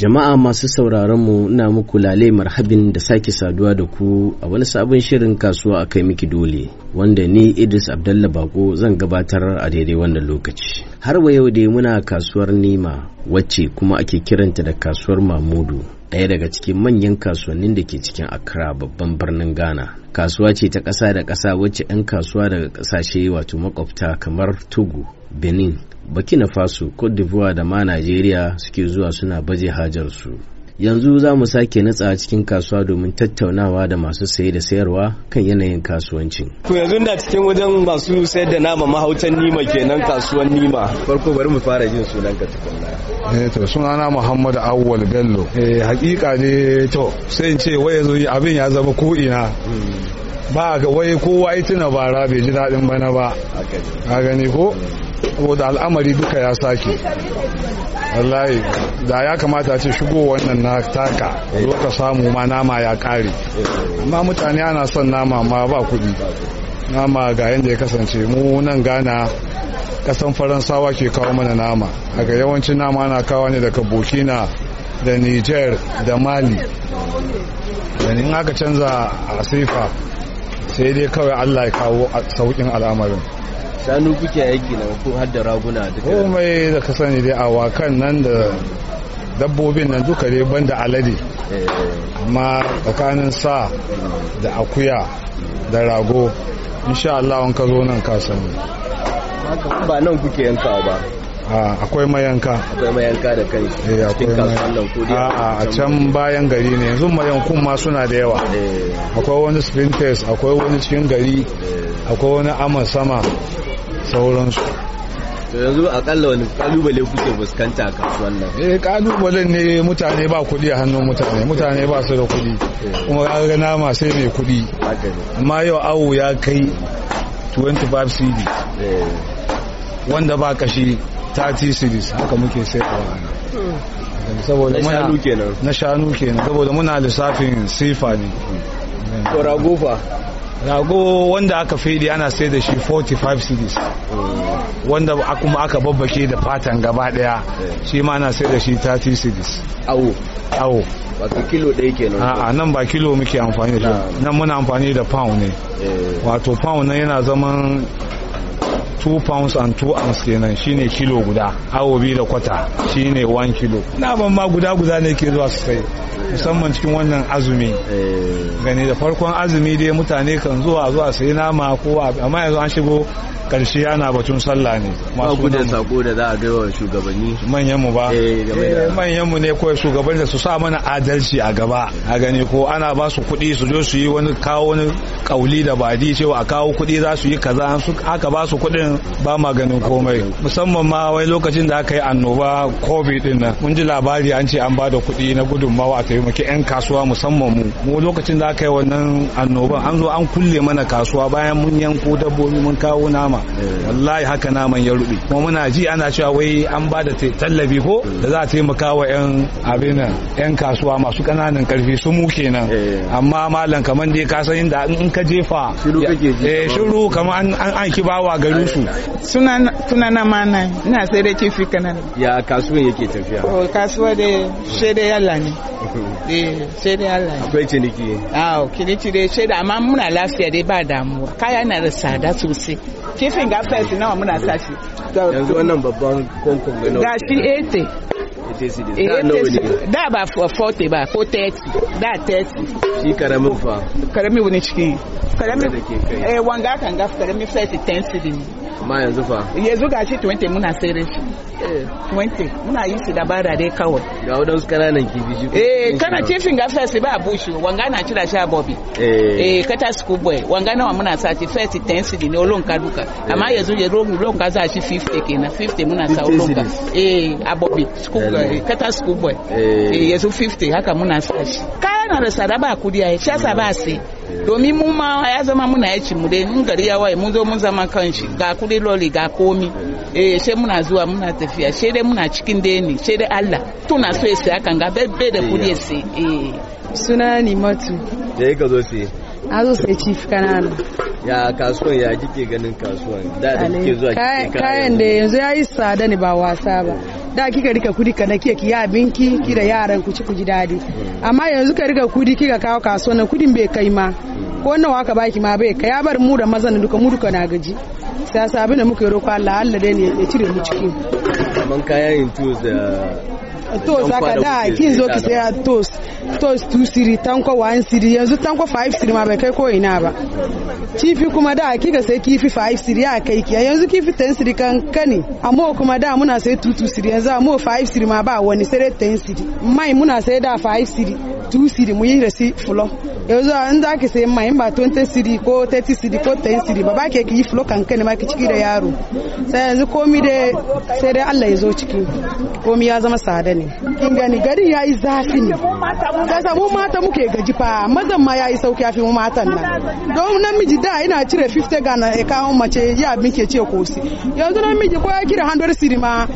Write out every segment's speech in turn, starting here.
Jama'a masu sauraron mu na muku lale marhabin da sake saduwa da ku a wani sabon shirin kasuwa a kai miki dole wanda ni Idris Abdalla Bako zan gabatar a daidai wannan lokaci. Har wa yau dai muna kasuwar Nima wacce kuma ake kiranta da kasuwar Mamudu. ɗaya daga cikin manyan kasuwannin da ke cikin Accra babban birnin Ghana. Kasuwa ce ta ƙasa da ƙasa wacce 'yan kasuwa daga ƙasashe wato makwabta kamar Togo, Benin, Burkina Faso, Cote d'Ivoire da ma Najeriya suke zuwa suna baje hajarsu. yanzu za mu sake natsa cikin kasuwa domin tattaunawa da masu saye da sayarwa kan yanayin kasuwancin. To yanzu da cikin wajen masu sayar da nama mahautan nima kenan kasuwan nima. Farko bari mu fara jin sunan ka tukunna. Eh to sunana Muhammadu Awwal Bello. Eh hakika ne to sai in ce wai yanzu abin ya zama ko ina. Hmm. Ba ga wai kowa ya tuna bara bai ji daɗin bana ba. Ka gani ko? Hmm. saboda al'amari duka ya sake wallahi da ya kamata ce shigo wannan na taka zo ka samu ma nama ya kare amma mutane ana son nama ma ba kuɗi nama ga yadda ya kasance mu nan gana kasan faransawa ke kawo mana nama daga yawancin nama na kawo ne daga burkina da niger da mali da in aka canza a sifa sai dai kawai allah ya kawo saukin al'amarin shanu kuke aiki na ko har da raguna duka komai da ka sani dai awakan nan da dabbobin nan duka dai banda alade eh. amma tsakanin sa da akuya da rago insha Allah ka zo nan ka sani ba nan kuke yanka ba akwai mayanka akwai mayanka da kai eh akwai mayanka a can bayan gari ne yanzu mayankun ma suna da yawa eh. akwai wani sprinters test akwai wani cikin gari eh. akwai wani aman sama sauransu to yanzu akalla wani kalubale kuke fuskanta a kasuwan nan eh kalubalen ne mutane ba kudi a hannun mutane mutane ba su da kudi eh. kuma ga nama sai mai kudi amma yau awu ya kai 25 cd wanda ba kashi 30 series haka muke sayarwa saboda muna na shanu kenan saboda muna lissafin sifa ne Ko rago fa rago wanda aka fede ana sai da shi 45 series wanda kuma aka babbake da fatan gaba daya shi ma ana sai da shi 30 series awo awo wato kilo ɗaya kenan a nan ba kilo muke amfani da nan muna amfani da pound ne eh. wato pound nan yana zaman 2 pounds and 2 ounces kenan shine kilo guda awo biyu da kwata shine 1 kilo naman ma guda guda ne ke zuwa su sai musamman cikin wannan azumi eh. gani da farkon azumi dai mutane kan zuwa zuwa sai nama ko amma yanzu an shigo karshe ana batun sallah ne masu da sako da za a gaiwa shugabanni manyan mu ba eh, eh, manyan mu ne kawai shugabanni da su sa mana adalci a gaba a gani ko ana ba su kuɗi su zo su yi wani kawo wani kauli da badi cewa a kawo kuɗi za su yi kaza an su aka ba su kuɗin ba ma ganin komai musamman ma wai lokacin da aka yi annoba covid din nan mun ji labari an ce an ba da kuɗi na gudunmawa a taimaki 'yan kasuwa musamman mu mu lokacin da aka yi wannan annoban an zo an kulle mana kasuwa bayan mun yanko dabbobi mun kawo nama Eh. wallahi haka naman ya rubi kuma muna ji ana cewa wai an ba da tallafi ko eh. da za a taimaka wa yan abin yan kasuwa masu kananan karfi su mu kenan eh. amma malam kaman dai ka san inda in ka jefa shiru kaman an an bawa garin su suna tuna na mana ina sai da kifi kanan ya kasuwa yake tafiya kasuwa da shede yalla ne shede yalla ne akwai ciniki ah kiniki da shede amma muna lafiya dai ba damuwa kaya na da tsada sosai kifin ga fesi nawa muna sashi yanzu wannan babban kwankwan ga nawa ga shi 80 da ba 40 ba ko 30 da 30 shi karamin fa karamin wani ciki karamin eh, wanga kan ga karamin 30 10 cedi amma yanzu fa yanzu ga shi 20 muna sayar shi 20 eh. muna yin shi dabara dai kawai ga su kananan kifi shi eh kana cifin ga sai ba bushi wanga na cira shi a bobi eh. eh kata su boy wanga na muna sa shi first 10 cedi ne olonka duka eh. amma yanzu ya rogu ka za shi 50 kenan 50 muna sa ka eh a bobi school boy kata su boy eh yanzu 50 haka muna sa shi kana da sadaba kudi ai sha sa ba sai domin mu ma ya zama muna yaci mu dai mun gari ya waye mun zo mun zama shi ga kudi loli ga komi eh sai muna zuwa muna tafiya sai dai muna cikin deni sai dai Allah tuna so ya saya ga bai da kudi ya sai eh suna ni matu da ka zo sai a zo sai chief kanana ya kasuwan ya kike ganin kasuwan da kike zuwa kayan da yanzu yayi tsada ne ba wasa ba da kika rika kudi ka nake ki ya binki ki da yaran ku ci ku ji dadi amma yanzu ka rika kudi kika kawo kasuwa na kudin bai kai ma ko nawa ka baki ma bai kai ya bar mu da mazan duka mu duka na gaji sai sabi da muka yi roƙo Allah Allah dai ne ya cire mu ciki kaman kayan tuwo da tos haka da zo ki saya tos tos 2 siri tanko 1 siri yanzu tanko 5 siri ma bai kai ko ina ba kifi kuma da kika sai kifi 5 siri a kai ki yanzu kifi 10 siri kan kane amma kuma da muna sai 2 siri yanzu amma 5 siri ma ba wani sai 10 siri mai muna sai da 5 siri 2 cd mu yi resi fulo yanzu an za ki sayi mai ba 20 cd ko 30 cd ko 10 cd ba ba ke yi fulo kan kai ma ki ciki da yaro sai yanzu komi da sai dai Allah ya zo ciki komi ya zama sada ne kin gani garin yi zafi ne sai mu mata muke gaji fa mazan ma ya yi sauki afi mu matan nan don namiji da ina cire 50 gana e kawo mace ya muke ce kosi yanzu namiji ko ya kira 100 cd ma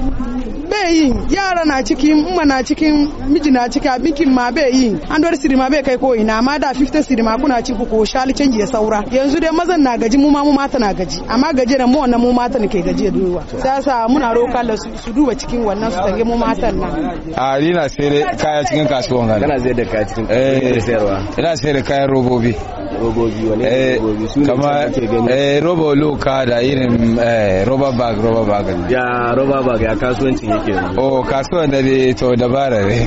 bai yi yara na cikin umma na cikin miji na ciki abikin ma bai yi an dole siri ma bai kai ko ina amma da 50 sirima ma kuna ci ku ko shali canji ya saura yanzu dai mazan na gaji mu ma mu mata na gaji amma gaje da mu wannan mu mata ne ke gaji da yawa sasa muna roka da su duba cikin wannan su tange mu mata na a ni na sai kaya cikin kasuwan kana zai da kaya cikin eh, sayarwa ina sai da kayan robobi robobi wani eh, robobi su ne ke gani eh robo loka da irin eh, roba bag roba bag ya roba bag ya kasuwancin yake ne oh kasuwan da dai to dabara ne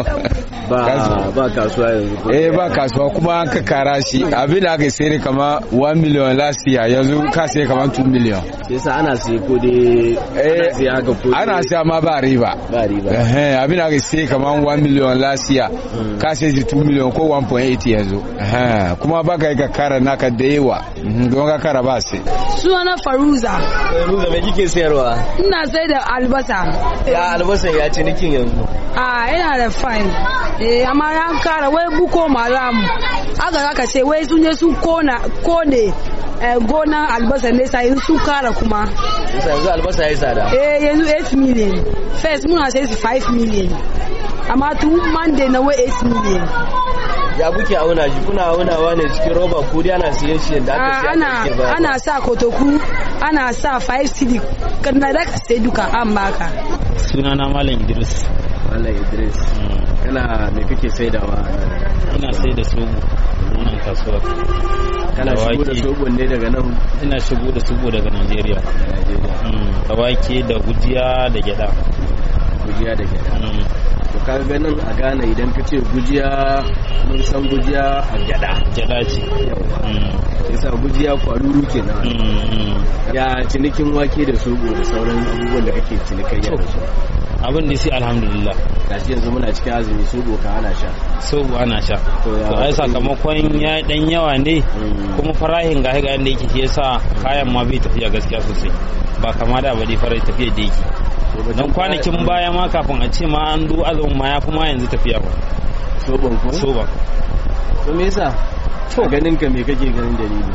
ba ba kasuwa yanzu eh ba kasuwa kuma an ka kara shi abin da aka ne kama 1 million last year yanzu ka sai kama 2 million yasa ana sai ko dai ana eh, sai haka ko ana sai amma ba riba ba riba eh abin da aka sai kama 1 million last year ka sai 2 million ko 1.8 yanzu eh, kuma ba ba ka yi ka kara naka da yawa mhm, don ka kara ba sai suna faruza faruza me kike sayarwa ina sai da albasa ya albasa ya ci nikin yanzu a yana da fine eh amma ya kara wai buko malam aka zaka ce wai sun je su kona kone eh, gona albasa ne sai su kara kuma yanzu albasa ya tsada eh yanzu 8 million first muna sai 5 million amma tun monday na wai 8 million ya buke auna shi kuna aunawa ne cikin roba ko dai ana siyan shi da aka siya ana ana sa kotoku ana sa 5 cd kan da ka sai duka an baka sunana malam idris malam idris hmm. kana me kake saidawa ina sai da sobo wannan kasuwa. kana shigo da sobo ne daga nan ina shigo da sobo daga Najeriya da hmm, wake da gujiya da gyada gujiya da gyada hmm. ka ganin a gane idan ka ce gujiya mun san gujiya a gada gada ce yasa gujiya kwaruru kenan mm-hmm. ya cinikin wake da sogo da sauran abubuwan da kake cinikai ya rasu abin da sai alhamdulillah gashi yanzu muna cikin azumi sobo ka ana sha sobo ana sha to ai sakamakon ya dan yawa ne mm. kuma farahin ga ga yanda yake yasa kayan ma bai tafiya gaskiya sosai ba kama da ba dai farai tafiya da yake don kwanakin baya ma kafin a ce ma an du azumin ma ya fi ma yanzu tafiya ba soban ko soban to me yasa to ganin ka me kake ganin dalili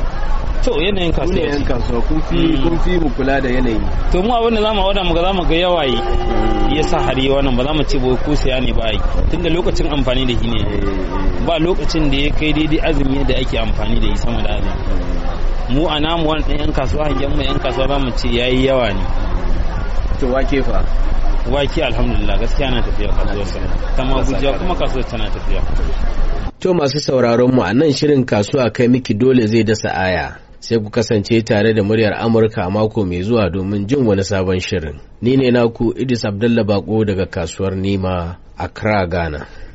to yanayin kasuwa ne yan kasuwa kun fi mm. kun fi mu kula da yanayi to mu abin da zamu auna mu ga zamu ga yawaye mm. yasa har yi wannan ba zamu ce boye ko saya ne ba ai tunda lokacin amfani da shi ne eh, eh, eh. ba lokacin da ya kai daidai azumi da ake amfani da shi sama da azumi mm. mu a namu wani yan kasuwa hangen mu yan kasuwa zamu ce yayi yawa ne to wake fa wake alhamdulillah gaskiya na tafiya kasuwar sana ta kuma kasuwar tana tafiya to masu sauraron mu a nan shirin kasuwa kai miki dole zai dasa aya sai ku kasance tare da muryar amurka a mako mai zuwa domin jin wani sabon shirin ni ne naku idis abdullah bako daga kasuwar nima accra ghana